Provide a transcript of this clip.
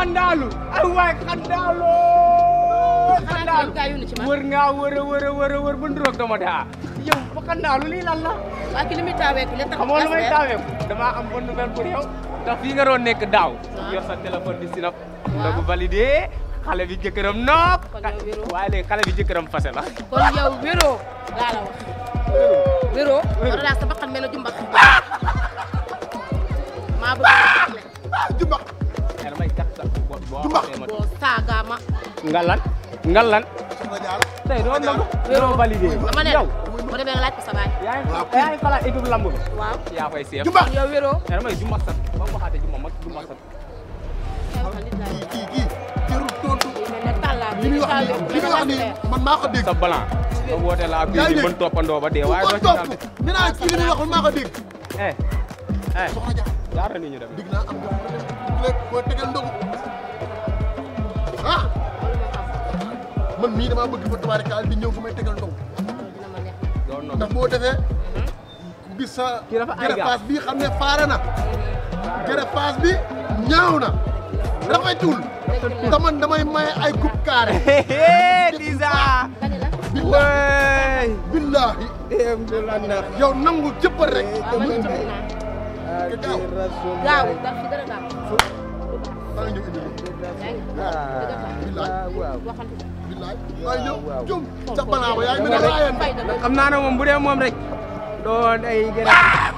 xandaalu ah, waay xandaalu xandaalu wër ngaa wër a wër a wër a daa yow ba xandaalu lii lan la waa ki li muy taaweeku li tax xamoo nekk daaw ah. yor sa téléphone di sinap donc ah. validé xale bi jëkkëram nopp waaye léegi xale bi fase la kon yow wéroo laa la wax wéroo wéroo sa bakkan mel na jumbax nga lan nga lan. tey doo nangu doo validé. dama ne ma demee nga laaj ko sa baay. yaa ngi yaa ngi xalaat équipe lamb bi. waaw yaa koy seef. jumba yow wéroo. nee na ma jumba sat ba mu waxaatee jumba mag jumba sat. kii kii kii jarul tontu. li muy wax nii li muy wax nii man maa ko dégg. sa balan. nga woote la ak kii mën toppandoo ba dee waaye doo ci daal de. nee naa kii li muy wax man maa ko dégg. eh eh. soxna Dia. jaarale ni ñu demee. dig naa am nga lépp boo tegal ndogu. man mii damaa bëgg fa tabaarkaal bi ñëw fa may tegal ndox. ndax boo defee. gis sa gërëfaas bi xam ne faara na. gërëfaas bi ñaaw na. rafetul. te man damay maye ay coupe carré. disa. billahi billahi. nangu cëppal rek. waaye ñëw ah, jum ca balaa ba yaay mën a raayante xam naa ne moom bu dee moom rek doo day gën a ah!